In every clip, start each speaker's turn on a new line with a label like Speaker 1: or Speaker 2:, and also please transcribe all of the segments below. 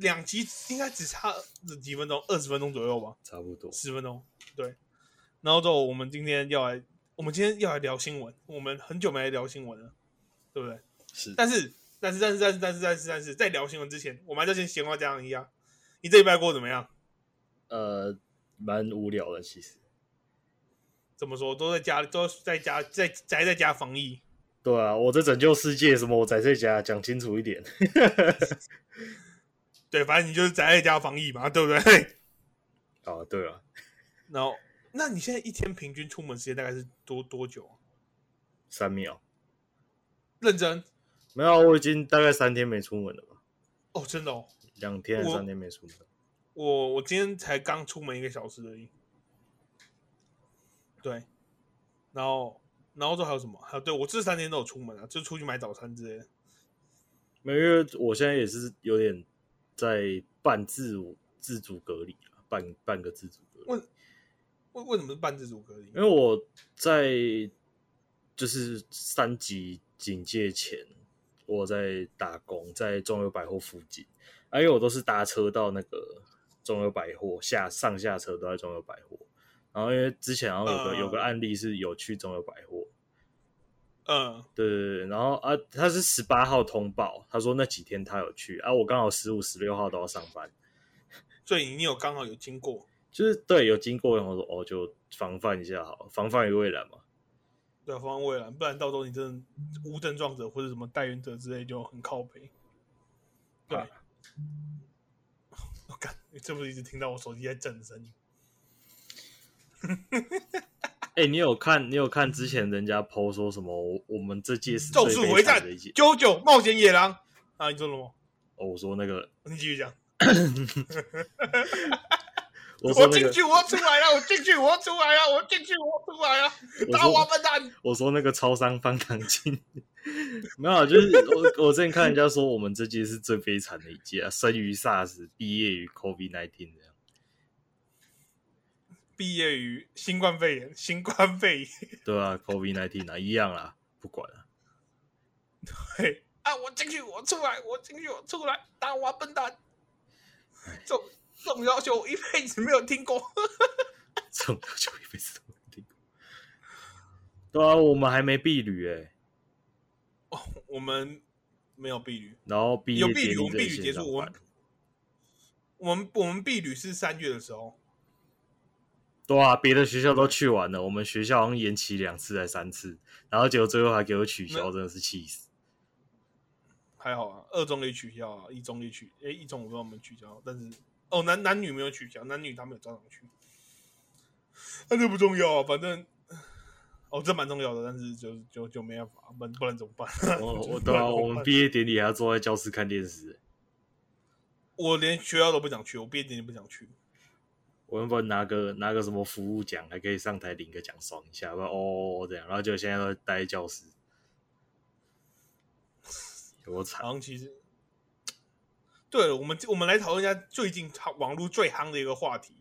Speaker 1: 兩集應該只差幾分鐘，二十分鐘左右吧，差不多十分鐘。對，然後就我們今天要來，我們今天要來聊新聞，我們很久沒來聊新聞了，對不對？是，但是但是但是但是但是但是在聊新聞之前，我們還在先閒話家常一樣。你這禮拜過得怎麼樣？
Speaker 2: 呃，蠻無聊的，其實。
Speaker 1: 怎麼說？都在家，都在家，在宅在，在家防疫。
Speaker 2: 對啊，我在拯救世界。什麼？我宅在家？講清楚一點。
Speaker 1: 對，反正你就是宅在家防疫嘛，對不對？哦、
Speaker 2: 啊，對啊。然
Speaker 1: 後，那你現在一天平均出門時間大概是多多久、啊？
Speaker 2: 三秒？認真？沒有，我已經大概三天沒出門了吧？
Speaker 1: 哦，真的
Speaker 2: 哦，兩天三天沒出門？
Speaker 1: 我我，我今天才剛出門一個小時而已。對，然後，然後這還有什麼？還有，對我這三天都有出門啊，就出去買早餐之類
Speaker 2: 的。因為我現在也是有點。在半自主自主隔離，半半個自主
Speaker 1: 隔離。問，為什麼是半自主隔離？
Speaker 2: 因為我在就是三級警戒前，我在打工，在中友百貨附近。啊，因為我都是搭車到那個中友百貨下，上下車都在中友百貨。然後因為之前，然後有個、嗯、有個案例是有去中友百貨。嗯，對，對對對，然後啊，他是十八號通報，他說那幾天他有去啊，我剛好十五、十六號都要上班，
Speaker 1: 所以你有剛好有經過，就
Speaker 2: 是對，有經過，然後說哦，就防範一下，好，防範於未然嘛，
Speaker 1: 對，防範於未然，不然到時候你真的無症狀者或者什麼帶原者之類就很靠北，對，我、啊、幹、哦，你是不是一直聽到我手機在震的聲？
Speaker 2: 哎、欸，你有看？你有看之前人家 po 說什麼？我們這屆是最悲慘的咒術迴戰，一屆。九
Speaker 1: 九冒險野狼，啊，你做了嗎？哦，
Speaker 2: 我說那個，
Speaker 1: 你繼續講。 我進去、那個，我要出來了、啊，我進去、啊，我要出來了、啊，我進去，我出來了。大王笨蛋，
Speaker 2: 我說那個超商翻糖精，沒有，就是我我之前看人家說我們這屆是最悲慘的一屆、啊、生於 SARS，畢業於 COVID nineteen 的。畢業於新冠肺炎，新冠肺炎，對啊，COVID-19 哪、啊、 一樣啊？不管
Speaker 1: 了、啊。對啊，我進去，我出來，我進去，我出來，大話笨蛋。這種要求我一輩子沒有聽過。
Speaker 2: 這種要求一輩子都沒有聽過。對啊，我們還沒畢旅哎。哦、
Speaker 1: oh,，我們沒有畢旅。然後畢旅。有畢旅，畢旅結束，我們我們畢旅是三月的時候。
Speaker 2: 對啊，別的學校都去完了，我們學校好像延期兩次，還三次，然後結果最後還給我取消，真的是氣死。
Speaker 1: 還好啊，二中給取消啊，一中給取，誒、欸，一中我們取消，但是哦，男男女沒有取消，男女他們有照常去，那就不重要，啊，反正哦，這蠻重要的，但是就就就，就沒辦法，不然怎麼辦？我我懂啊，我們畢
Speaker 2: 業典禮還要坐在教室看電視，
Speaker 1: 我連學校都不想去，我畢業典禮不想去。
Speaker 2: 我們能不能拿個拿個什麼服務獎，還可以上台領個獎，爽一下？不哦，哦，哦這樣，然後就現在待在教室，有多慘？然後其實，
Speaker 1: 對了，我們我們來討論一下最近網絡最夯的一個話題。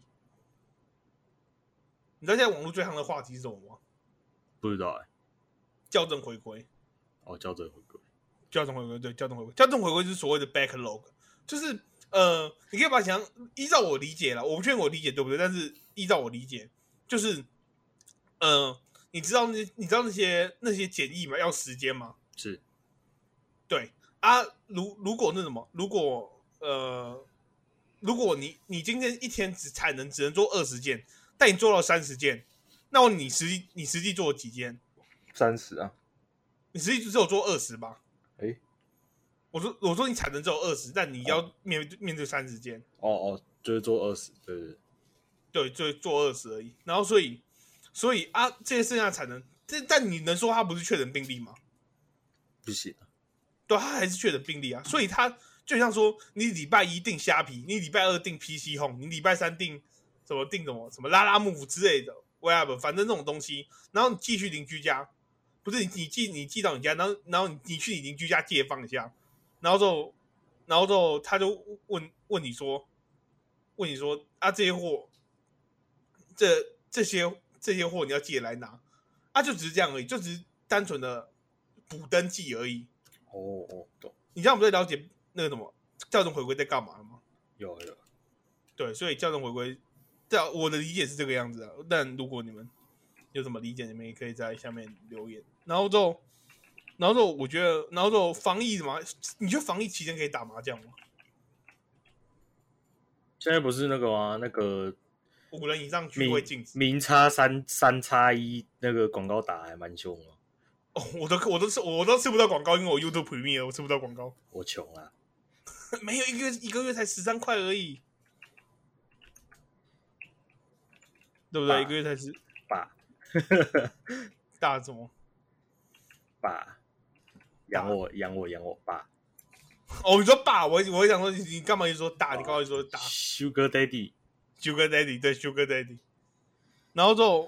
Speaker 1: 你知道現在網絡最夯的話題是什麼嗎？
Speaker 2: 不知道哎、欸。
Speaker 1: 校正回歸。
Speaker 2: 哦，校正回歸，
Speaker 1: 校正回歸，對，校正回歸，校正回歸就是所謂的 backlog，就是。呃，你可以把它想，依照我理解啦，我不確定我理解對不對，但是依照我理解，就是，嗯、呃，你知道那你知道那些那些簡易嗎？要時間嗎？是，對啊，如如果那什麼，如果呃，如果你你今天一天只產能只能做二十件，但你做到三十件，那麼你實際你實際做了幾件？
Speaker 2: 三十啊，
Speaker 1: 你實際只有做二十吧？我說我說你產能只有二十，但你要面對、oh. 面對三十間
Speaker 2: 哦哦，oh, oh, 就是做二十，對對
Speaker 1: 對，就做二十而已。然後所以所以啊，這些剩下的產能，這但你能說他不是確診病例嗎？不是，對他還是確診病例啊。 所以他就像說，你禮拜一訂蝦皮，你禮拜二訂 PC Home，你禮拜三訂什麼訂什麼什麼 Lalamove 之類的 whatever，反正這種東西，然後你寄去鄰居家，不是你,你寄你寄到你家，然後然後你,你去你鄰居家借放一下。然後之後，然後之後他就問問你說，問你說啊，這些貨，這這些這些貨你要借來拿，啊，就只是這樣而已，就只是單純的補登記而已。哦哦，懂。你知道我們在了解那個什麼校正回歸在幹嘛的嗎？有有。對，所以校正回歸，這我的理解是這個樣子啊。但如果你們有什麼理解，你們也可以在下面留言。然後之後。然後我覺得，然後說，防疫嘛，你覺得防疫期間可以打麻將嗎？
Speaker 2: 現在不是那個嗎？那個
Speaker 1: 五人以上聚會禁止，
Speaker 2: 明差三，三差一，那個廣告打還蠻凶哦，
Speaker 1: 我都，我都是，我都吃不到廣告，因為我 YouTube p r e m i 我吃不到廣告。我窮啊！ 沒有一，一個月一個月才十三塊而已，對不對？一個月才十八， 大總八。
Speaker 2: 養我，養我，養我爸。
Speaker 1: 哦，你說爸，我我想說，你你幹嘛一直說大，哦、你幹嘛一直說大？Sugar Daddy，Sugar Daddy，對，Sugar Daddy。然後就，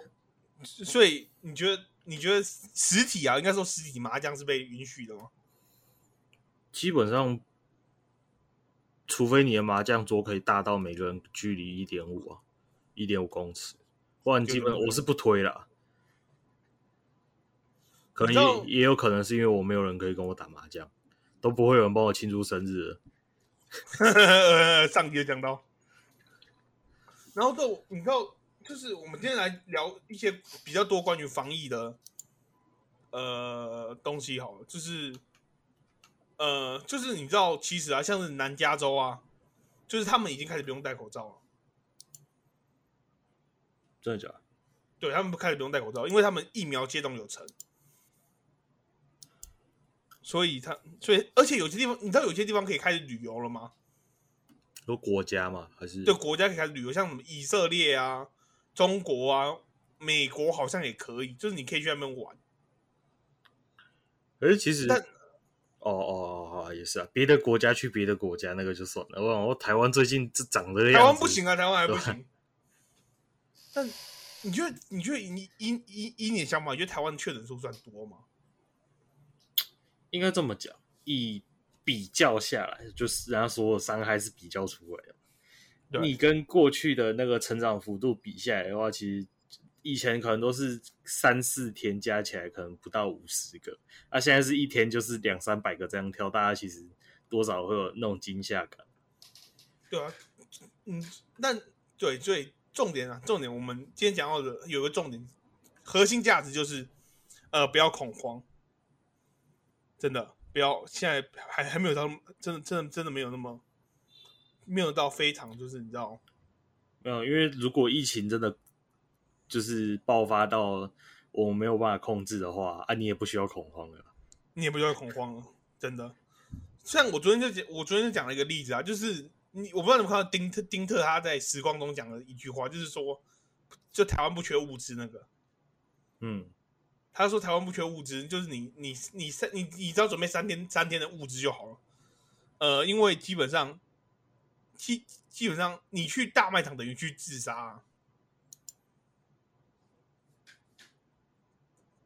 Speaker 1: 所以你覺得，你覺得實體啊，應該說實體麻將是被允許的嗎？
Speaker 2: 基本上，除非你的麻將桌可以大到每個人距離一點五啊，一點五公尺，不然基本上我是不推的。可能也也有可能是因為我沒有人可以跟我打麻將，都不會有人幫我慶祝生日了。
Speaker 1: 上集講到，然後就你知道，就是我們今天來聊一些比較多關於防疫的呃東西好了，就是呃就是你知道，其實啊，像是南加州啊，就是他們已經開始不用戴口罩了。真的假的？對他們不開始不用戴口罩，因為他們疫苗接種有成。所以他，所以而且有些地方，你知道有些地方可以開始旅遊了嗎？
Speaker 2: 有國家嗎？還是？對，
Speaker 1: 國家可以開始旅遊，像什麼以色列啊、中國啊、美國好像也可以，就是你可以去那邊玩。可、
Speaker 2: 欸、是其實，但哦哦哦好，也是啊。別的國家去別的國家那個就算了。我我台灣最近這長得台灣不行啊，台灣還不行。
Speaker 1: 但你覺得你覺得你一一一年相比，你覺得台灣的確診數算多嗎？
Speaker 2: 應該這麼講，以比較下來，就是人家說傷害是比較出來的。啊、你跟過去的那個成長幅度比下來的話，其實以前可能都是三四天加起來可能不到五十個，那、啊、現在是一天就是兩三百個這樣跳。大家其實多少會有那種驚嚇感。
Speaker 1: 對啊，嗯，但對，對，重點啊，重點，我們今天講到的有一個重點核心價值就是，呃，不要恐慌。真的不要，現在還還沒有到，真的真的真的沒有那麼沒有到非常，就是你知道
Speaker 2: 沒有、嗯，因為如果疫情真的就是爆發到我們沒有辦法控制的話，啊，你也不需要恐慌了，
Speaker 1: 你也不需要恐慌了，真的。像我昨天就講，我昨天就講了一個例子啊，就是你，我不知道你們看到丁特丁特他在時光中講了一句話，就是說，就台灣不缺物資那個，嗯。他說：“台灣不缺物資，就是你、你、你你、你只要準備三天、三天的物資就好了。呃，因為基本上，基基本上你去大賣場等於去自殺啊，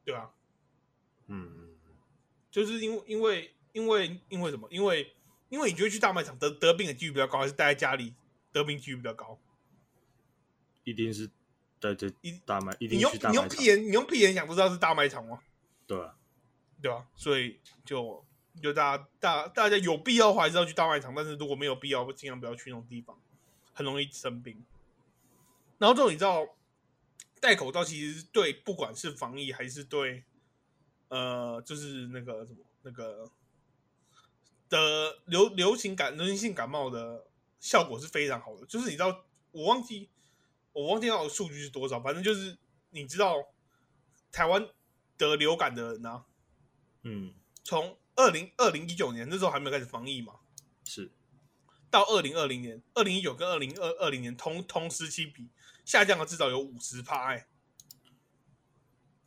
Speaker 1: 對啊，嗯，就是因為因為因為因為什麼？因為因為你覺得去大賣場得得病的幾率比較高，還是待在家裡得病幾率比較高？
Speaker 2: 一定是。”對對，一大賣，一定去大賣場。你用你用屁眼，
Speaker 1: 你用屁眼想，不知道是大賣場嗎？
Speaker 2: 對
Speaker 1: 啊對啊，所以就就大家大大家有必要的話，還是要去大賣場。但是如果沒有必要，盡量不要去那種地方，很容易生病。然後這種你知道，戴口罩其實對不管是防疫還是對呃，就是那個什麼那個的流流行感流行性感冒的效果是非常好的。就是你知道，我忘記。我忘記要的數據是多少，反正就是你知道台灣得流感的人呢？啊，嗯，從二零二零一九年那時候還沒有開始防疫嘛，是到二零二零年二零一九跟二零二二零年同同時期比下降了至少有五十趴。哎、
Speaker 2: 欸，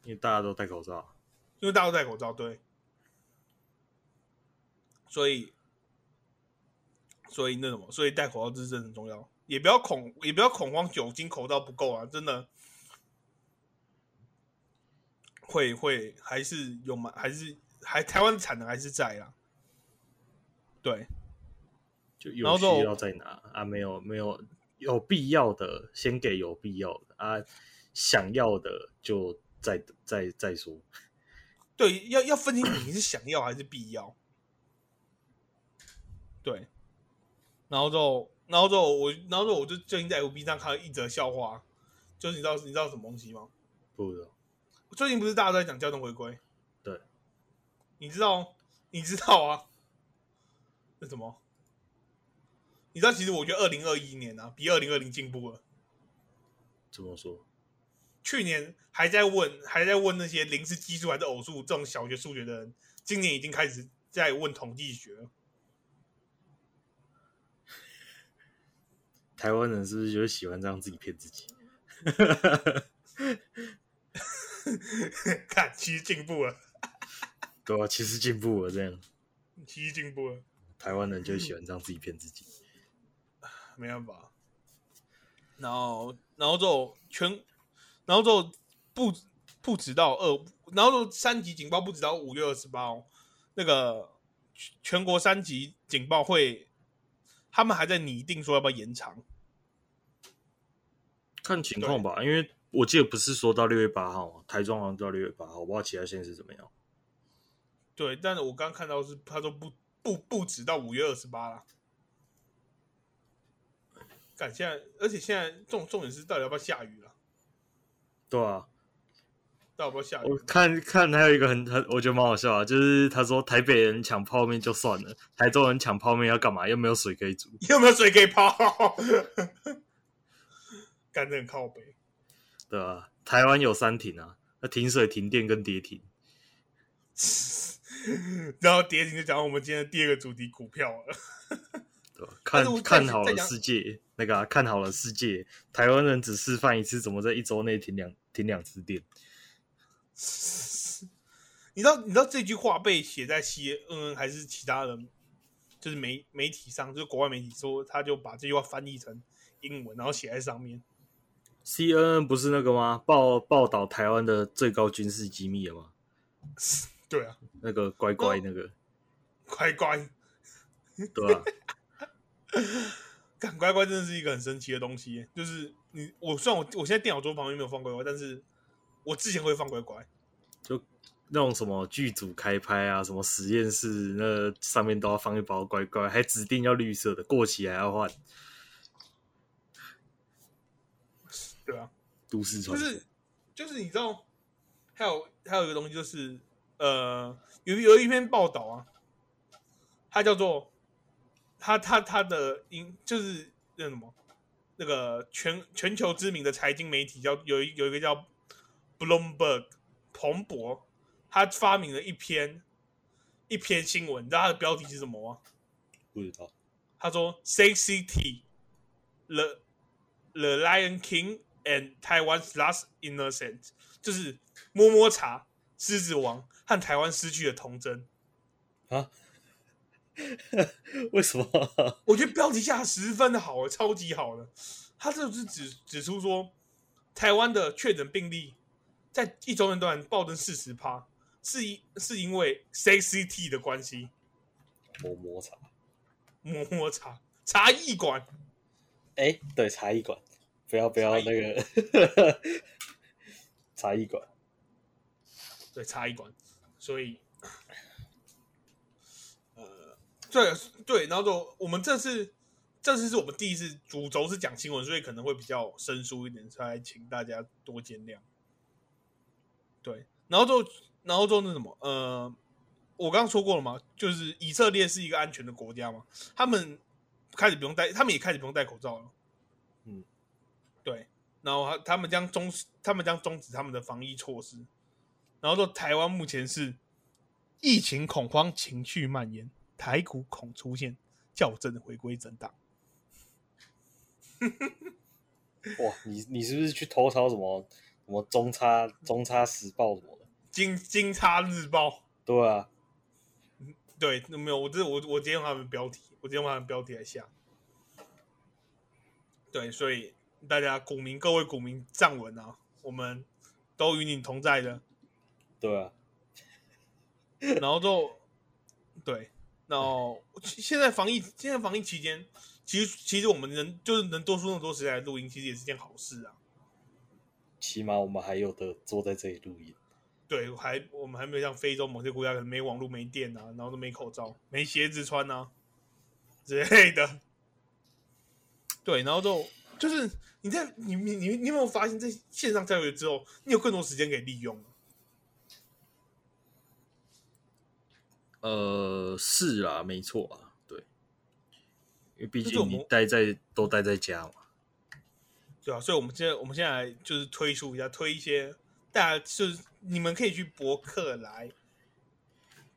Speaker 2: 因為大家都戴口罩，
Speaker 1: 因為大家都戴口罩，對，所以所以那什麼，所以戴口罩這是真的很重要。也不要恐，也不要恐慌。酒精口罩不夠啊，真的會會還是有嗎？還是還台灣產能還是在啊？對，就有需要再拿
Speaker 2: 後後啊，沒有沒有，有必要的先給，有必要的啊，想要的就再再再說。
Speaker 1: 對，要要分清你是想要還是必要。 對，然後就。然後後我，我然後說，我就最近在 FB 上看了一則笑話，就是你知道你知道什麼東西嗎？
Speaker 2: 不知道。
Speaker 1: 最近不是大家都在講校正回歸？對。你知道你知道啊？那什麼？你知道其實我覺得二零二一年呢、啊，比二零二零進步了。怎麼說？去年還在問還在問那些零是奇數還是偶數這種小學數學的人，今年已經開始在問統計學了。
Speaker 2: 台灣人是不是就是喜歡這樣自己騙自己？
Speaker 1: 哈哈哈哈，看，其實進步了。
Speaker 2: 對啊，其實進步了這樣。
Speaker 1: 其實進步了。
Speaker 2: 台灣人就喜歡這樣自己騙自己。
Speaker 1: 嗯，沒辦法。然後，然後就全，然後就不不止到二，然後就三級警報不止到五月二十八號，那個全國三級警報會，他們還在擬定說要不要延長。
Speaker 2: 看情況吧，因為我記得不是說到六月八號，台中好像到六月八號，我不知道其他縣市怎麼樣？
Speaker 1: 對，但是我剛看到是他，他說不不不止到五月二十八了。感覺，而且現在重重點是到底要不要下雨
Speaker 2: 了。對啊，到底要不要下雨？我看看，還有一個很很，我覺得蠻好笑啊，就是他說台北人搶泡面就算了，台中人搶泡面要幹嘛？又沒有水可以煮，
Speaker 1: 又沒有水可以泡。 反正靠北，
Speaker 2: 對啊，台灣有三停啊，那停水、停電跟跌停。
Speaker 1: 然後跌停就講我們今天的第二個主題股票了，對、啊、看看好了世
Speaker 2: 界，那個、啊、看好了世界，台灣人只示範一次，怎麼在一周內停兩停兩次電？你
Speaker 1: 知道你知道這句話被寫在 CNN 還是其他人，就是媒媒體上，就是、國外媒體說，他就把這句話翻譯成英文，然後寫在上面。
Speaker 2: C N N 不是那個嗎？報報道台灣的最高軍事機密了嗎？對啊，那個乖乖，那個、哦、
Speaker 1: 乖乖， 對啊，幹 乖乖真的是一個很神奇的東西。就是你，我雖然我我現在電腦桌旁邊沒有放乖乖，但是我之前會放乖乖。
Speaker 2: 就那種什麼劇組開拍啊，什麼實驗室那個、上面都要放一包乖乖，還指定要綠色的，過期還要換。
Speaker 1: 對啊，都市傳說就是就是你知道，還有還有一個東西就是呃，有有一篇報道啊，他叫做他他他的英就是那什麼那個全全球知名的財經媒體叫有一有一個叫 Bloomberg 彭博，他發明了一篇一篇新聞，你知道他的標題是什麼嗎？啊？不知道。他說：“City t the Lion King。” and 台灣 's last innocent 就是摸摸茶獅子王和台灣失去了童真啊？ 為
Speaker 2: 什麼？
Speaker 1: 我覺得標題下十分的好，超級好了。他這就是指指出說，台灣的確診病例在一周那段暴增四十趴，是是因為 CCT 的關係？
Speaker 2: 摸摸茶，
Speaker 1: 摸摸茶，茶藝館？
Speaker 2: 哎、欸，對，茶藝館。不要不要那個差一管 。
Speaker 1: 對，差一管，所以呃，對對，然後就我們這次這次是我們第一次主軸是講新聞，所以可能會比較生疏一點，所以請大家多見諒。對，然後就然後就那什麼，呃，我剛剛說過了嘛，就是以色列是一個安全的國家嘛，他們開始不用戴，他們也開始不用戴口罩了。對，然後他們將終止，他們將終止他們的防疫措施，然後說台灣目前是疫情恐慌，情緒蔓延，台股恐出現校正回歸震盪。
Speaker 2: 哇，你你是不是去偷抄什麼什麼中差中差時報什麼的？
Speaker 1: 金金差日報？對啊，對，沒有，我這我我直接用他們標題，我直接用他們標題來下。對，所以。大家股民，各位股民站穩啊！我們都與你同在的。
Speaker 2: 對啊，
Speaker 1: 然後就對，然後現在防疫，現在防疫期間，其實其實我們能就是能多出那麼多時間來錄音，其實也是件好事啊。起
Speaker 2: 碼我們還有的坐在這裡錄音。
Speaker 1: 對，還我們還沒有像非洲某些國家，可能沒網絡、沒電啊，然後都沒口罩、沒鞋子穿啊之類的。對，然後就。就是你在你你你你有沒有發現在線上教育之後，你有更多時間可以利用？
Speaker 2: 呃，是啦，沒錯啊，對，因為畢竟你待在、就是、我們都待在家嘛。
Speaker 1: 對啊，所以我們現在我們現在來就是推出一下，推一些大家就是你們可以去博客來、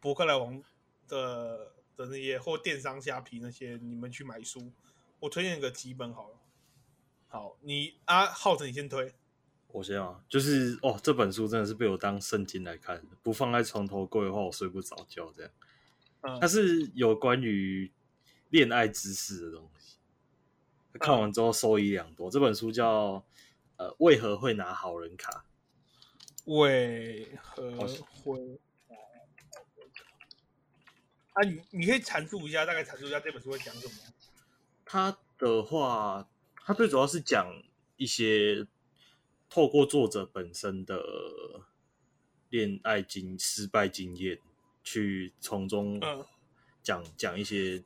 Speaker 1: 博客來網的的那些或電商蝦皮那些，你們去買書，我推薦個幾本好了。好，你啊，浩子，你先推。
Speaker 2: 我先啊，就是哦，這本書真的是被我當聖經來看，不放在床頭櫃的話，我睡不着覺。這樣，它是有關於戀愛知識的東西。看完之後，受益良多。這本書叫呃，為何會拿好人卡？為何會拿好
Speaker 1: 人卡、哦？啊，你你可以闡述一下，大概闡述一下這本書會講什麼？它
Speaker 2: 的話。它最主要是講一些透過作者本身的戀愛經失敗經驗，去從中講講一些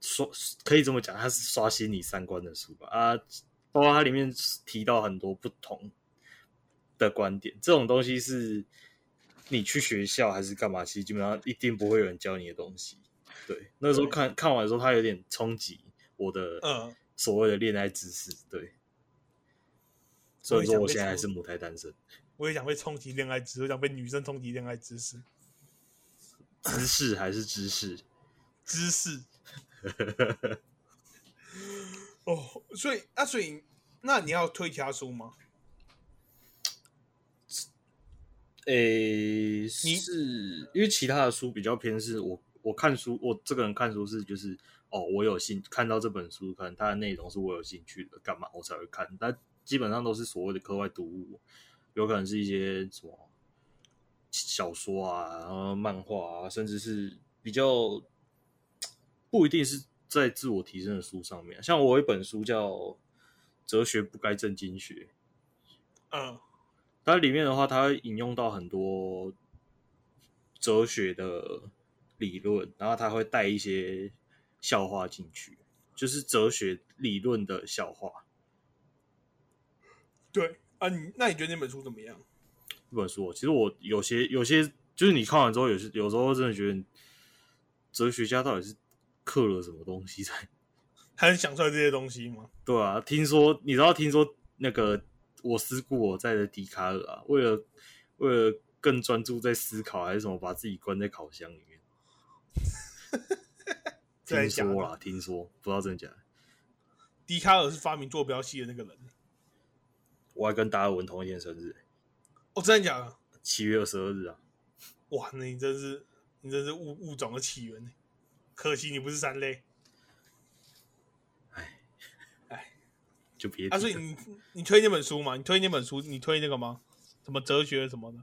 Speaker 2: 說，可以這麼講，它是刷新你三觀的書吧？啊，包括它裡面提到很多不同的觀點，這種東西是你去學校還是幹嘛？其實基本上一定不會有人教你的東西。對，那時候看看完的時候，它有點衝擊。我的所謂的戀愛知識、呃，對，
Speaker 1: 所以說我現在還
Speaker 2: 是母胎單身。
Speaker 1: 我也想被衝擊戀愛知識，我想被女生衝擊戀愛知識，
Speaker 2: 知識還是知識，
Speaker 1: 知識。哦 ，oh，所以啊，那所以那你要推其他書嗎？
Speaker 2: 誒，是你因為其他的書比較偏是，是我我看書，我這個人看書是就是。哦，我有興看到這本書，可能它的內容是我有興趣的，幹嘛我才會看？但基本上都是所謂的課外讀物，有可能是一些什麼小說啊，然後漫畫啊，甚至是比較不一定是在自我提升的書上面。像我有一本書叫《哲學不該正經學》，嗯，它裡面的話，它會引用到很多哲學的理論，然後它會帶一些。笑話進去，就是哲學理論的笑話。
Speaker 1: 對啊你，你那你覺得那本書怎麼樣？
Speaker 2: 這本書，其實我有些有些，就是你看完之後，有有時候真的覺得哲學家到底是刻了什麼東西在，
Speaker 1: 還能想出來這些東西嗎？
Speaker 2: 對啊，聽說你知道，聽說那個我思故我在的笛卡爾啊，為了為了更專注在思考，還是什麼，把自己關在烤箱裡面。 聽說了，聽說不知道真假。
Speaker 1: 笛卡爾是發明坐標系的那個人。
Speaker 2: 我還跟達爾文同一天生日。
Speaker 1: 哦，真的假的？
Speaker 2: 七月二十二日啊！
Speaker 1: 哇，那你真是你真是物物種的起源呢。可惜你不是三類。哎
Speaker 2: 哎，就別。阿、啊、瑞，所以
Speaker 1: 你你推那本書嗎？你推那本書？你推那個嗎？什麼哲學什麼的。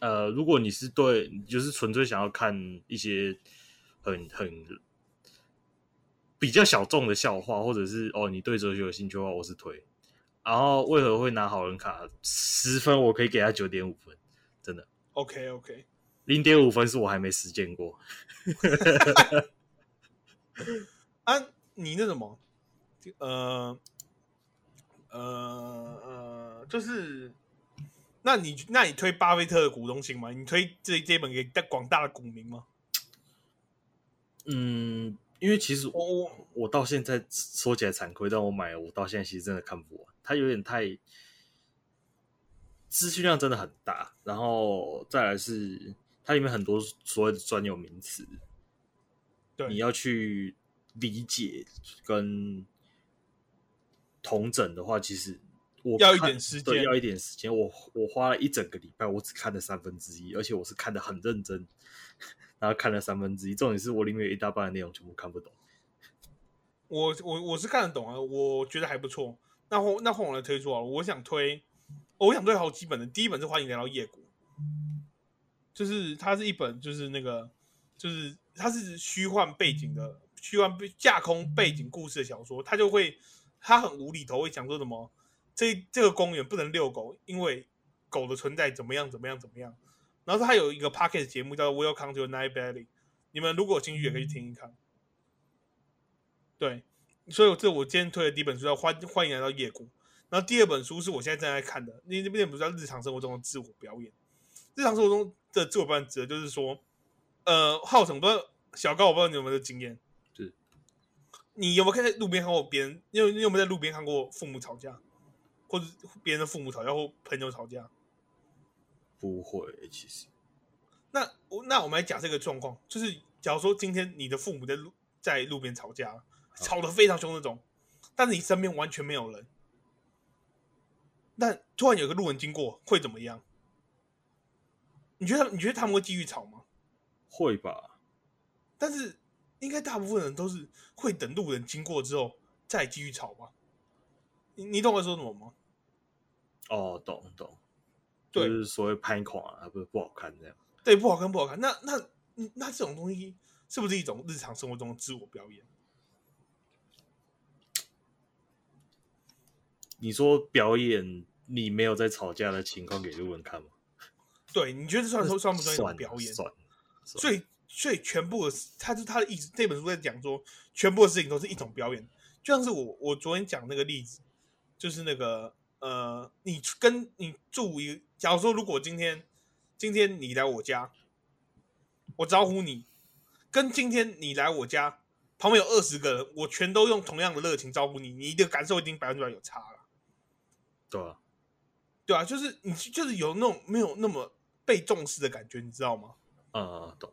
Speaker 2: 呃，如果你是對，你就是純粹想要看一些。很很比較小眾的笑話，或者是哦，你對哲學有興趣的話，我是推。然後為何會拿好人卡？十分，我可以給他九點五分，真的。
Speaker 1: OK OK，
Speaker 2: 零點五分是我還沒實踐過。
Speaker 1: 哈哈哈。啊，你那什麼？呃呃呃，就是，那你那你推巴菲特的股東行嗎？你推這這一本給廣大，大的股民嗎？
Speaker 2: 嗯，因為其實我我我到現在說起來慚愧，但我買了我到現在其實真的看不完，它有點太資訊量真的很大，然後再來是它裡面很多所謂的專有名詞，對，你要去理解跟統整的話，其實我要一點時間，要一點時間，我我花了一整個禮拜，我只看了三分之一，而且我是看得很認真。然後看了三分之一，重點是我裡面有一大半的內容全部看不懂。
Speaker 1: 我我我是看得懂啊，我覺得還不錯。那後那後我來推出啊，我想推、哦，我想推好幾本的。第一本是《歡迎來到夜谷》，就是它是一本就是那個就是它是虛幻背景的，虛幻被架空背景故事的小說，它就會它很無厘頭，會講說什麼這這個公園不能遛狗，因為狗的存在怎麼樣怎麼樣怎麼樣。然後他還有一個 podcast 節目叫 Welcome to your Night Vale，你們如果有興趣也可以去聽一看。對，所以這我今天推的第一本書叫《歡歡迎來到夜谷》，然後第二本書是我現在正在看的，那不本叫《日常生活中的自我表演》。日常生活中的自我表演，指的就是說，呃，浩辰不知道小高，我不知道你有沒有經驗，是，你有沒有看在路邊看過別人？因為你有沒有在路邊看過父母吵架，或者別人的父母吵架，或朋友吵架？
Speaker 2: 不會，其實
Speaker 1: 那我那我們來講這個狀況，就是假如說今天你的父母在路在路邊吵架吵得非常凶那種，但是你身邊完全沒有人，那突然有個路人經過會怎麼樣？你覺得你覺得他們會繼續吵嗎？會吧，但是應該大部分人都是會等路人經過之後再繼續吵吧？你你懂我說什麼嗎？
Speaker 2: 哦，懂懂。對，就是所謂拍孔啊，不是不好看這樣。
Speaker 1: 對，不好看，不好看。那那那這種東西是不是一種日常生活中的自我表演？
Speaker 2: 你說表演，你沒有在吵架的情況給路人看嗎？
Speaker 1: 對，你覺得算算不算一種表演？算算算。所以，所以全部的，他是他的意思。這本書在講說，全部的事情都是一種表演，就像是我我昨天講那個例子，就是那個。呃，你跟你住一，假如說如果今天今天你來我家，我招呼你，跟今天你來我家旁邊有二十個人，我全都用同樣的熱情招呼你，你的感受已經百分之百有差了。對啊，對啊，就是你就是有那種沒有那麼被重視的感覺，你知道嗎？啊、嗯嗯，懂。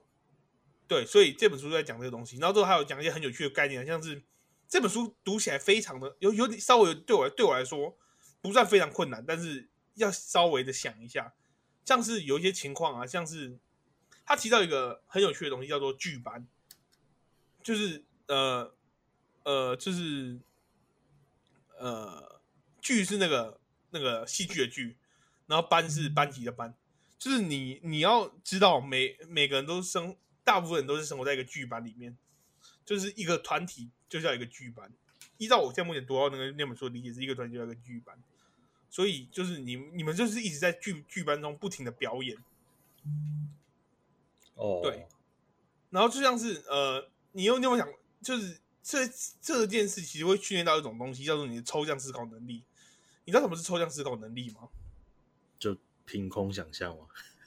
Speaker 1: 對，所以這本書在講這個東西，然後之後還有講一些很有趣的概念，像是這本書讀起來非常的有有點稍微對我對我，對我來說。不算非常困難，但是要稍微的想一下，像是有一些情況啊，像是他提到一個很有趣的東西，叫做劇班，就是呃呃，就是呃劇是那個那個戲劇的劇，然後班是班級的班，就是你你要知道每每個人都生，大部分人都是生活在一個劇班裡面，就是一個團體，就叫一個劇班。依照我現在目前讀到那個那本、個、書的理解，是一個團體就叫一個劇班。所以就是你你們就是一直在劇劇班中不停的表演，
Speaker 2: 哦，
Speaker 1: 對，然後就像是呃，你有你有想，就是這這件事其實會訓練到一種東西，叫做你的抽象思考能力。你知道什麼是抽象思考能力嗎？
Speaker 2: 就憑空想象嗎？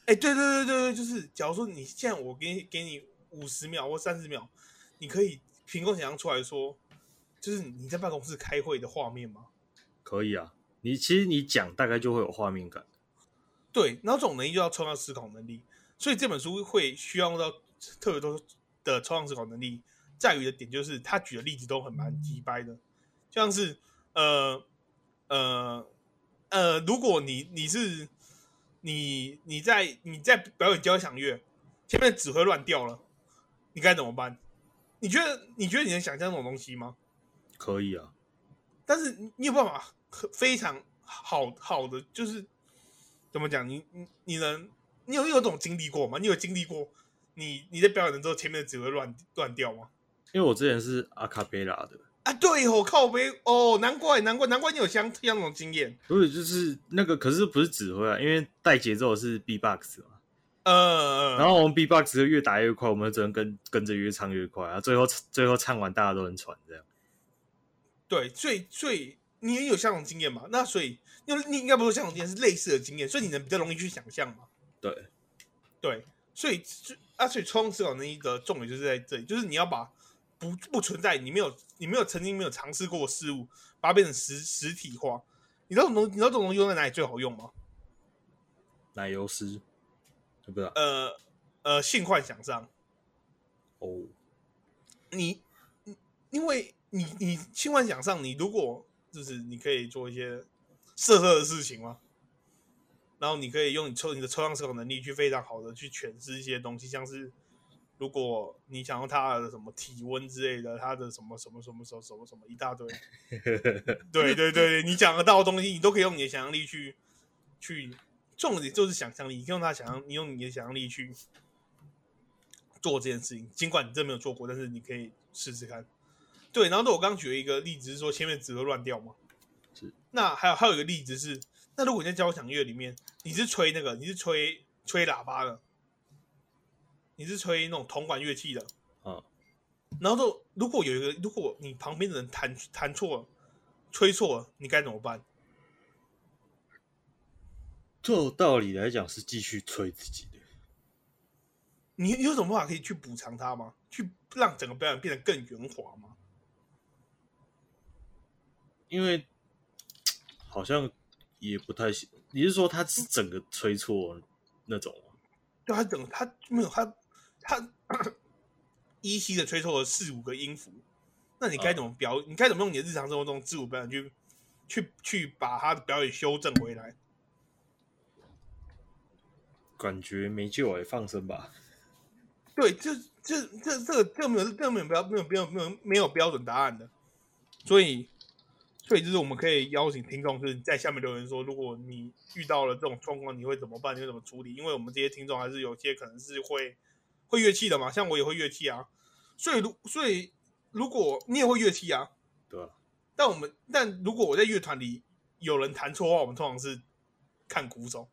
Speaker 1: 哎，對對對對對，就是假如說你現在我給給你五十秒或三十秒，你可以憑空想象出來說，就是你在辦公室開會的畫面嗎？
Speaker 2: 可以啊。你其實你講大概就會有畫面感，
Speaker 1: 對。那種能力就要抽象思考能力，所以這本書會需要用到特別多的抽象思考能力。在於的點就是他舉的例子都很蠻雞掰的，就像是呃呃呃，如果你你是你你在你在表演交響樂，前面指揮亂掉了，你該怎麼辦？你覺得你覺得你能想象那種東西嗎？
Speaker 2: 可以啊，
Speaker 1: 但是你，你有辦法。非常好好的，就是怎麼講？你你你能你有有這種經歷過嗎？你有經歷過你你在表演的時候前面的指揮亂，亂掉嗎？
Speaker 2: 因為我之前是阿卡貝拉的
Speaker 1: 啊，對哦，靠北哦，難怪難怪難怪你有相相同經驗。
Speaker 2: 不是，就是那個，可是不是指揮啊，因為帶節奏是 B-box 嘛。嗯、
Speaker 1: 呃，
Speaker 2: 然後我們 B-box 越打越快，我們只能跟跟着越唱越快啊，然後最後最後唱完大家都很
Speaker 1: 喘這樣。對，最最。你也有相同經驗嘛？那所以，因為你應該不是相同經驗，是類似的經驗，所以你能比較容易去想象嘛？對，對，所以啊，那所以通識考能力的那個重點就是在這裡，就是你要把不不存在、你沒有、你沒有曾經沒有嘗試過的事物，把它變成實實體化。你知道這種東西，你知道這種東西用在哪裡最好用嗎？
Speaker 2: 奶油絲，對不對？
Speaker 1: 呃呃，性幻想上。哦、oh.，你因為你你性幻想上，你如果就是你可以做一些色色的事情嗎？然後你可以用你抽你的抽象思考能力去非常好的去詮釋一些東西，像是如果你想用他的什麼體溫之類的，他的什麼什麼什麼什麼什麼什麼一大堆， 對對對，你講得到的東西，你都可以用你的想象力去去重點就是想象力，你用他想象你用你的想象力去做這件事情，儘管你真的沒有做過，但是你可以試試看。對，然後我剛剛舉了一個例子，是說前面指都亂掉嗎？是。那還有還有一個例子是，那如果你在交響樂裡面，你是吹那個，你是吹吹喇叭的，你是吹那種銅管樂器的，啊，然後如果有一個，如果你旁邊的人彈彈錯了，吹錯了，你該怎麼辦？
Speaker 2: 就道理來講，是繼續吹自己的。
Speaker 1: 你有什麼辦法可以去補償他嗎？去讓整個表演變得更圓滑嗎？
Speaker 2: 因為好像也不太行，你是說他整個吹錯那種
Speaker 1: 就他整個他沒有他他依稀的吹錯了四五個音符，那你該怎麼表？啊、你該怎麼用你的日常生活中自我表演去去去，去把他的表演修正回來？
Speaker 2: 感覺沒救哎、欸，放生吧。
Speaker 1: 對，這這這這個這個沒有這個沒有標沒有沒有沒有，沒有，沒，有沒有標準答案的，所以。所以就是我們可以邀請聽眾，就是在下面留言說，如果你遇到了這種狀況，你會怎麼辦？你會怎麼處理？因為我們這些聽眾還是有些可能是會會樂器的嘛，像我也會樂器啊。所以，如所以如果你也會樂器啊，對啊。但我們但如果我在樂團裡有人彈錯話，我們通常是看鼓手。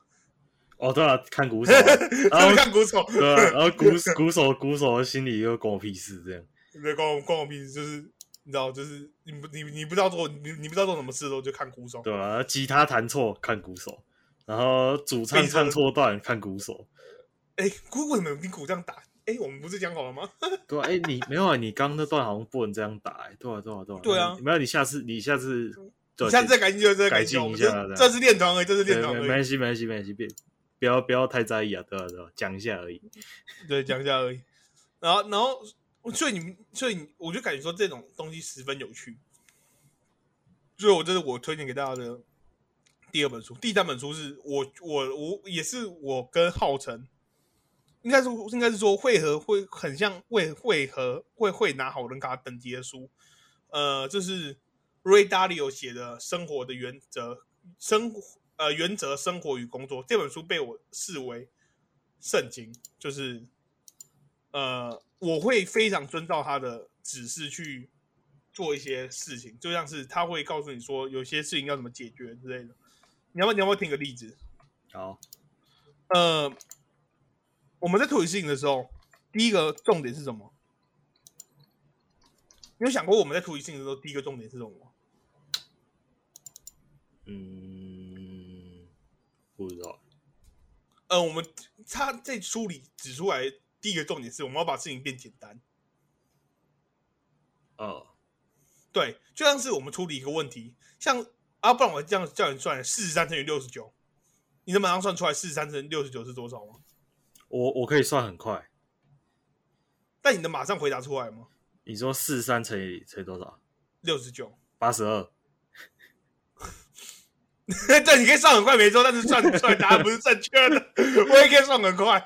Speaker 1: 哦，
Speaker 2: 對啊，看鼓手，啊，然 後看鼓手，然 後，啊啊啊，鼓鼓手鼓手，鼓手心裡又關我屁事，這樣
Speaker 1: 你在關我關我屁事就是。你知道，就是你不你你不知道做你你不知道做什麼事的時候，就看鼓手，對
Speaker 2: 啊，吉他彈錯，看鼓手，然後主唱唱錯段看鼓手。
Speaker 1: 哎，姑姑怎麼用鼓這樣打？哎，我們不是講好了嗎？
Speaker 2: 對啊，誒 誒，你沒有啊？你剛剛那段好像不能這樣打、欸，哎、啊，對啊對啊對啊，沒有，你下次你下次、啊，你下次再改進就再改進一下，進一下這這，這是練團而已，這是練團而已。沒關係，沒關係，沒關係，別不要不要太在意啊，啊！對啊，對啊，講一下而已，
Speaker 1: 對，講一下而已。 然後，然後。所以你們，所以我就感覺說這種東西十分有趣。所以，我這是我推薦給大家的第二本書。第三本書是我，我，我也是我跟浩成，應該是應該是說會和會很像，會會和會會拿好人卡等級的書。呃，就是 Ray Dalio 寫的《生活的原則》，生呃原則生活與工作這本書被我視為聖經，就是。呃，我會非常遵照他的指示去做一些事情，就像是他會告訴你說有些事情要怎麼解決之類的。你要不要你要不要聽個例子？好，呃，我們在處理事情的時候，第一個重點是什麼？你有想過我們在處理事情的時候，第一個重點是什麼？嗯，
Speaker 2: 不知道。
Speaker 1: 呃，我們他在書裡指出來。第一個重點是，我們要把事情變簡單。哦，對，就像是我們處理一個問題，像阿、啊、不然我這樣叫你算四十三乘以六十九，你能馬上算出來四十三乘六十九是多少嗎？
Speaker 2: 我我可以算很快，
Speaker 1: 但你能馬上回答出來嗎？
Speaker 2: 你說四十三乘以乘多少？
Speaker 1: 六十九，八十二。 對，你可以算很快沒錯，但是算不出來，答案不是正確的。 我也可以算很快。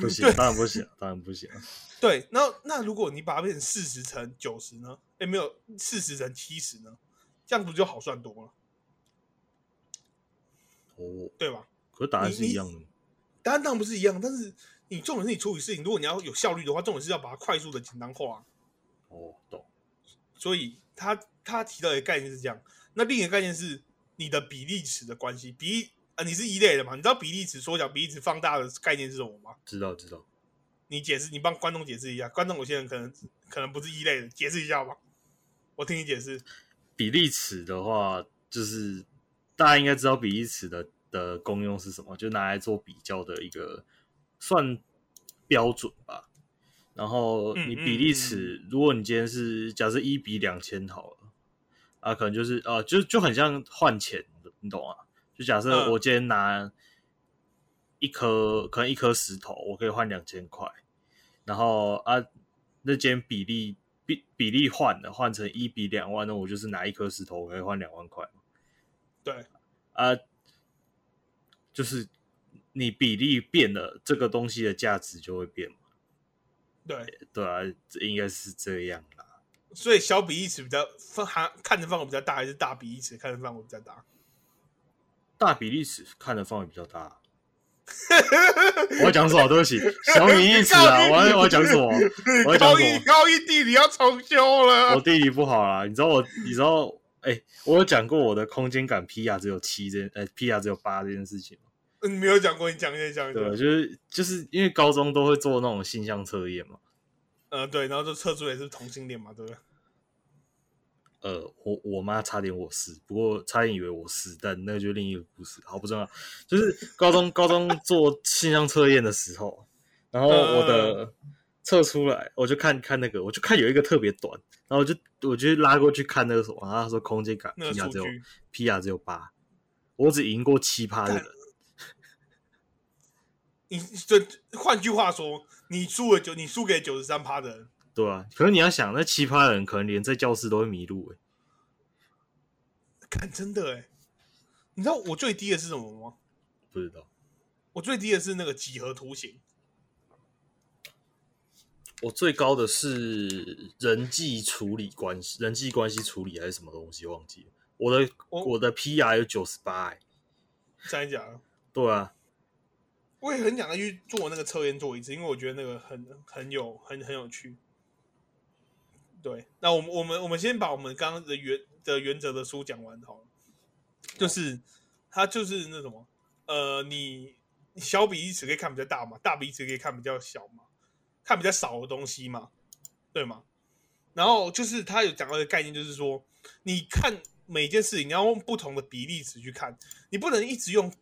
Speaker 2: 不行，當然不行，當然不
Speaker 1: 行。對， 對，那那如果你把它變成四十乘九十呢？哎，沒有四十乘七十呢？這樣不就好算多
Speaker 2: 了，哦，對吧？可是答案是一樣的。答
Speaker 1: 案當然不是一樣，但是你重點是你處理事情，如果你要有效率的話，重點是要把它快速的簡單化、啊。哦，懂。所以他他提到一個概念是這樣，那另一個概念是你的比例尺的關係比。啊，你是一類的嘛？你知道比例尺縮小、比例尺放大的概念是什麼嗎？
Speaker 2: 知道，知道。
Speaker 1: 你解釋，你幫觀眾解釋一下。觀眾有些人可能可能不是一類的，解釋一下吧。我聽你解釋。
Speaker 2: 比例尺的話，就是大家應該知道比例尺的的功用是什麼，就拿來做比較的一個算標準吧。然後你比例尺，嗯嗯嗯，如果你今天是假設一比兩千好了，啊，可能就是啊，就就很像換錢，你懂啊？就假設我今天拿一顆、嗯、可能一顆石頭，我可以換兩千塊，然後啊，那間比例比比例換的換成一比兩萬，那我就是拿一顆石頭我可以換兩萬塊。
Speaker 1: 對
Speaker 2: 啊，就是你比例變了，這個東西的價值就會變嘛？
Speaker 1: 對
Speaker 2: 對啊，這應該是這樣啦。
Speaker 1: 所以小比例尺比較範，看的範圍比較大，還是大比例尺看的範圍比較大？
Speaker 2: 大比例尺看的範圍比較大。
Speaker 1: 我要講什麼？對不起，小米一尺啊！我要我要講什麼？我要講什麼？高一,一地理要重修了。我
Speaker 2: 地理不好啦。你知道我你知道哎、欸，我有講過我的空間感 PR 只有七這呃 PR 只有八這件事情你
Speaker 1: 嗯，沒有講過。你講一講一下。對吧，就是
Speaker 2: 就是因為高中都會做那種性向測驗嘛。
Speaker 1: 呃，對，然後就測出來也是同性戀嘛，對不對？
Speaker 2: 呃，我我媽差點我死，不過差點以為我死，但那就另一個故事，好不重要。就是高中 高中做智商測驗的時候，然後我的測出來，我就看看那個，我就看有一個特別短，然後我就我就拉過去看那個什麼，然後他說空間感 PR 只有 PR、那個、只有八，我只贏過七趴的人。
Speaker 1: 你這換句話說，你輸了9，你輸給九十三趴的人。
Speaker 2: 對啊，可是你要想，那奇葩的人可能連在教室都會迷路哎，
Speaker 1: 欸。看，真的哎，欸，你知道我最低的是什麼嗎？不知道。我最低的是那個幾何圖形。
Speaker 2: 我最高的是人際處理關係，人際關係處理還是什麼東西，忘記了。我的，哦，我的 PR 有九十八哎。
Speaker 1: 真的，啊，對啊。我也很想要去做那個測驗做一次，因為我覺得那個很很有很很有趣。對，那我們我們我們先把我們剛剛的原的原則的書講完好了，就是他就是那什麼，呃你，你小比例尺可以看比較大嘛，大比例尺可以看比較小嘛，看比較少的東西嘛，對嗎？然後就是他有講到一個概念，就是說你看每件事情，你要用不同的比例尺去看，你不能一直用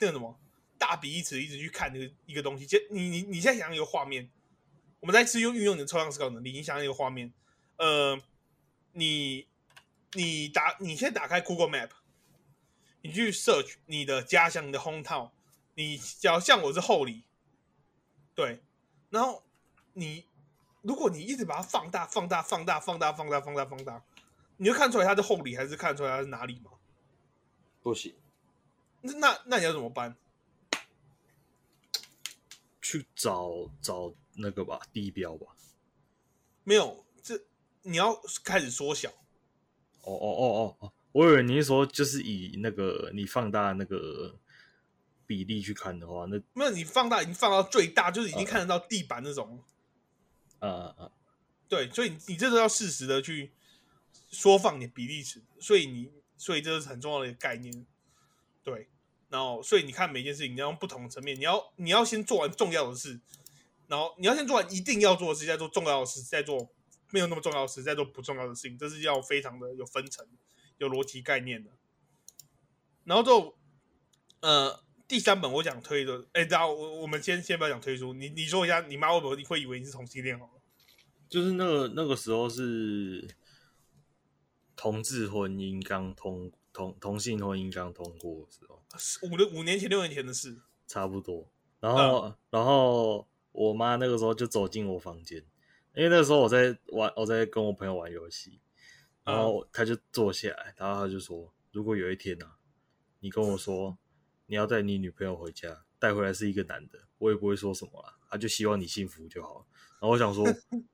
Speaker 1: 那什麼大比例尺一直去看一個一個東西，就你你你現在想一個畫面。我們再一次用運用你的抽象思考能力，想像一個畫面，呃，你你打，你先打開 Google Map，你去 search 你的家鄉，你的 home town，你假如像我是後里，對，然後你如果你一直把它放大，放大，放大，放大，放大，放大，放大，你就看出來它是後里，還是看出來它是哪裡嗎？不行，那那你要怎麼辦？
Speaker 2: 去找找。那個吧，地標吧，
Speaker 1: 沒有，這你要開始縮小。
Speaker 2: 哦哦哦哦哦，我以為你是說就是以那個你放大那個比例去看的話。那
Speaker 1: 沒有，你放大已經放到最大，就是已經看得到地板那種。啊啊啊！對，所以你這是要適時的去縮放你的比例尺，所以你所以這是很重要的一個概念。對，然後所以你看每件事情你要用不同的層面，你要你要先做完重要的事。然後你要先做完一定要做的事，再做重要的事，再做沒有那麼重要的事，再做不重要的事情。這是要非常的有分層、有邏輯概念的。然後就呃，第三本我想推的。哎，等一下我我們先先不要講推出，你你說一下，你媽會不會會以為你是同性戀好？好
Speaker 2: 就是那個那個時候是同志婚姻剛通同同,同性婚姻剛通過的時
Speaker 1: 候，五五年前六年前的事
Speaker 2: 差不多。然後、呃、然後。我媽那個時候就走進我房間，因為那個時候我在玩，我在跟我朋友玩遊戲，
Speaker 1: 然後
Speaker 2: 她就坐下來，然後她就說：“如果有一天呢、啊，你跟我說你要帶你女朋友回家，帶回來是一個男的，我也不會說什麼了。”她就希望你幸福就好了。然後我想說，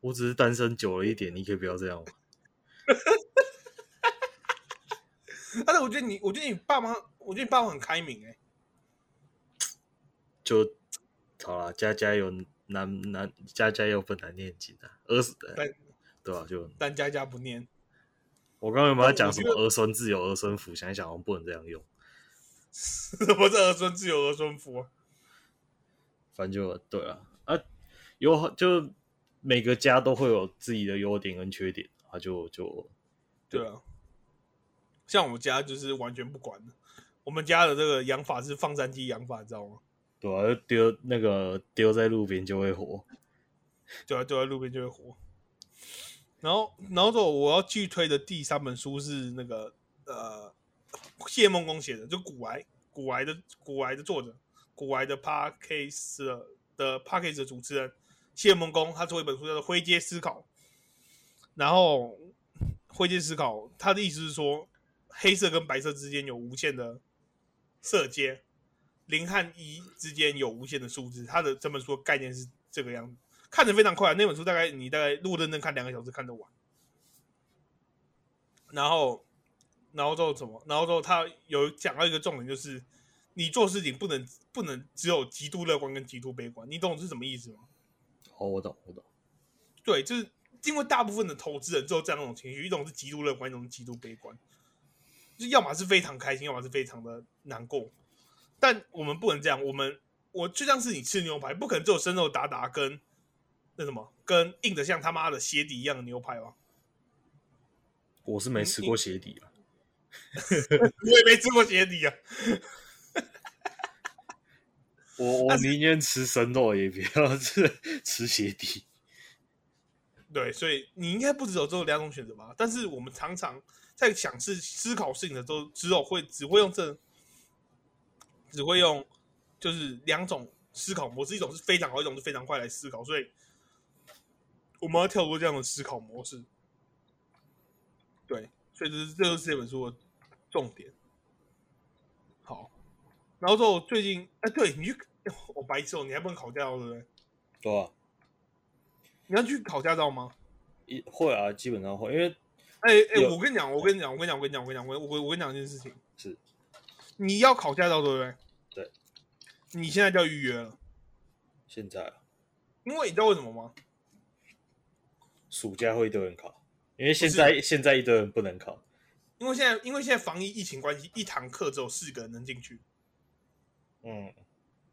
Speaker 2: 我只是單身久了一點，你可以不要這樣
Speaker 1: 玩。 但是我覺得你，我覺得你爸媽，我覺得你爸媽很開明哎，
Speaker 2: 就。好啦，家家有難難，難，家家有本難念的經啊。兒孫對，對啊，就
Speaker 1: 但家家不念。
Speaker 2: 我剛剛有沒有講什麼兒孫自有兒孫福，想一想，我們不能這樣用。
Speaker 1: 什麼叫兒孫自有兒孫福啊？
Speaker 2: 反正就對了啊，啊。有就每個家都會有自己的優點跟缺點啊。就就
Speaker 1: 對啊。像我們家就是完全不管了。我們家的這個養法是放山雞養法，你知道嗎？
Speaker 2: 對要、啊、丟那個丟在路邊就會火，
Speaker 1: 對要丟在路邊就會火。然後，然後我我要巨推的第三本書是那個呃，謝孟恭寫的，就股癌股癌的股癌的作者，股癌的 Podcast 的 Podcast 的主持人謝孟恭，他做一本書叫做《灰階思考》。然後，《灰階思考》他的意思是說，黑色跟白色之間有無限的色階。零和一之間有無限的數字，他的這本書的概念是這個樣子，看得非常快、啊。那本書大概你大概如果認真看兩個小時看得完。然後，然後之後怎麼？然後之後他有講到一個重點，就是你做事情不能不能只有極度樂觀跟極度悲觀。你懂是什麼意思嗎？
Speaker 2: 哦，我懂，我懂。
Speaker 1: 對，就是因為大部分的投資人只有這樣一種情緒，一種是極度樂觀，一種是極度悲觀，就要麼是非常開心，要麼是非常的難過。但我們不能這樣，我們我就像是你吃牛排，不可能只有生肉打打跟那什麼，跟硬的像他媽的鞋底一樣的牛排吧？
Speaker 2: 我是沒吃過鞋底啊，嗯、
Speaker 1: 我也沒吃過鞋底啊，
Speaker 2: 我我寧願吃生肉，也不要吃吃鞋底。
Speaker 1: 對，所以你應該不只有這兩種選擇吧？但是我們常常在想事、思考事情的時候，只有會只會用這。只會用，就是兩種思考模式，一種是非常好，一種是非常快來思考。所以我們要跳過這樣的思考模式。對，所以這、就是這就是這本書的重點。好，然後說我最近哎，對你去我白痴、哦，你還不能考駕照對不對？對啊。你要去考駕照嗎？會啊，基本上會，因為哎哎，我跟你講，我跟你講，我跟你講，我跟你講，我跟你講，我我我跟你講一件事情是。你要考駕照對不對？對，你現在就要預約了。現在，因為你知道為什麼嗎？
Speaker 2: 暑假會一堆人考，因為現在現在一堆人不能考，
Speaker 1: 因為現在因為現在防疫疫情關係，一堂課只有四個人能進去。嗯，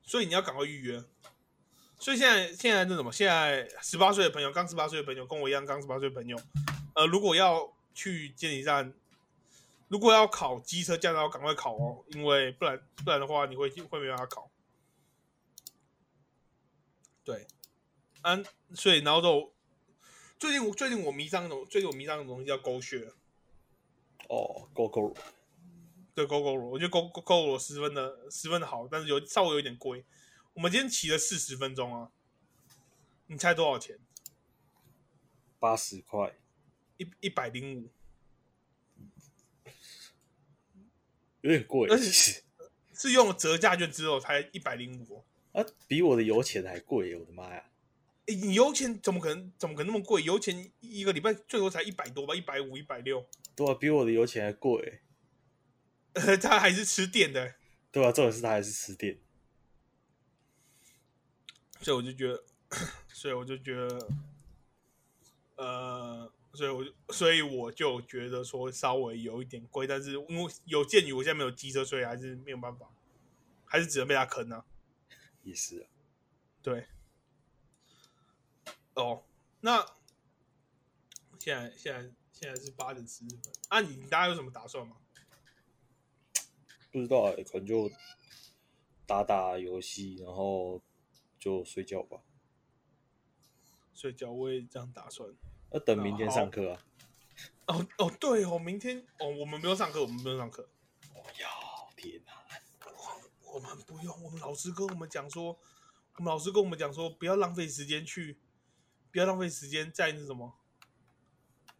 Speaker 1: 所以你要趕快預約。所以現在現在那什麼，現在十八歲的朋友，剛十八歲的朋友，跟我一樣剛十八歲的朋友，呃，如果要去監理站。如果要考機車駕照，要趕快考哦，因為不然不然的話，你會會沒辦法考。對，啊，所以然後就最近我最近我迷上一種最近我迷上一種東西叫 GoShare。哦，狗狗，對，GoGoRo，我覺得 Go，GoGoRo 十分的十分的好，但是有稍微有一點貴。我們今天騎了四十分鐘啊，你猜多少錢？
Speaker 2: 八十塊，一一百零五。有點貴，而
Speaker 1: 且是用了折價券之後才一百零五啊，
Speaker 2: 比我的油錢還貴、欸！我的
Speaker 1: 媽呀、欸，你油錢怎麼可能怎麼可能那麼貴？油錢一個禮拜最多才一百多吧，一百五、一百六，
Speaker 2: 對啊，比我的油錢還
Speaker 1: 貴、欸。呃， 他還是吃電的、
Speaker 2: 欸，對啊，重點是他還是吃電，所以
Speaker 1: 我就覺得，所以我就覺得，呃。所以我就，所以我就覺得說稍微有一點貴，但是因為有鑑於我現在沒有機車，所以還是沒有辦法，還是只能被他坑呢、啊。也是、啊。對。哦、oh，那現在現在現在是八點十四分，啊，你大家有什麼打算嗎？不
Speaker 2: 知道啊、欸，可能就打打遊戲，然後就睡覺吧。
Speaker 1: 睡覺，我也這樣打算。
Speaker 2: 要等明天上課啊！
Speaker 1: 哦哦、oh, oh, 對哦，明天哦，oh, 我們沒有上課，我們沒有上課。我要天吶，我們不用，我們老師跟我們講說，我們老師跟我們講說，不要浪費時間去，不要浪費時間在那什麼，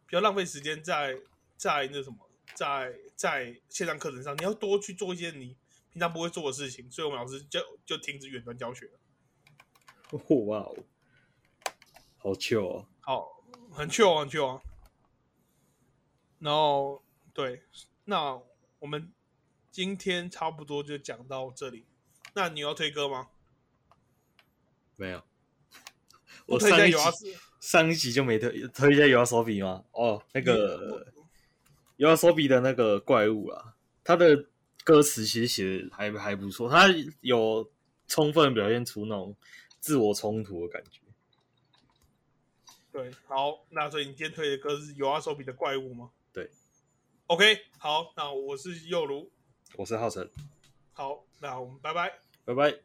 Speaker 1: 不要浪費時間在在那什麼，在在線上課程上，你要多去做一些你平常不會做的事情。所以，我們老師就就停止遠端教學哦，
Speaker 2: 哇哦，好巧哦！
Speaker 1: 好。很酷、啊、很酷啊，然後，no, 對，那我們今天差不多就講到這裡。那你要推歌嗎？
Speaker 2: 沒有。
Speaker 1: 我推一下尤
Speaker 2: 阿斯。 上一集就沒推，推一下 YOASOBI 嗎？哦、oh，那個 YOASOBI 的那個怪物啊，他的歌詞其實寫的還還不錯，他有充分的表現出那種自我衝突的感覺。
Speaker 1: 對，好，那所以你今天推的歌是 YOASOBI 的怪物嗎？對，OK，好，那我是佑如，
Speaker 2: 我是浩辰，
Speaker 1: 好，那我們拜拜，
Speaker 2: 拜拜。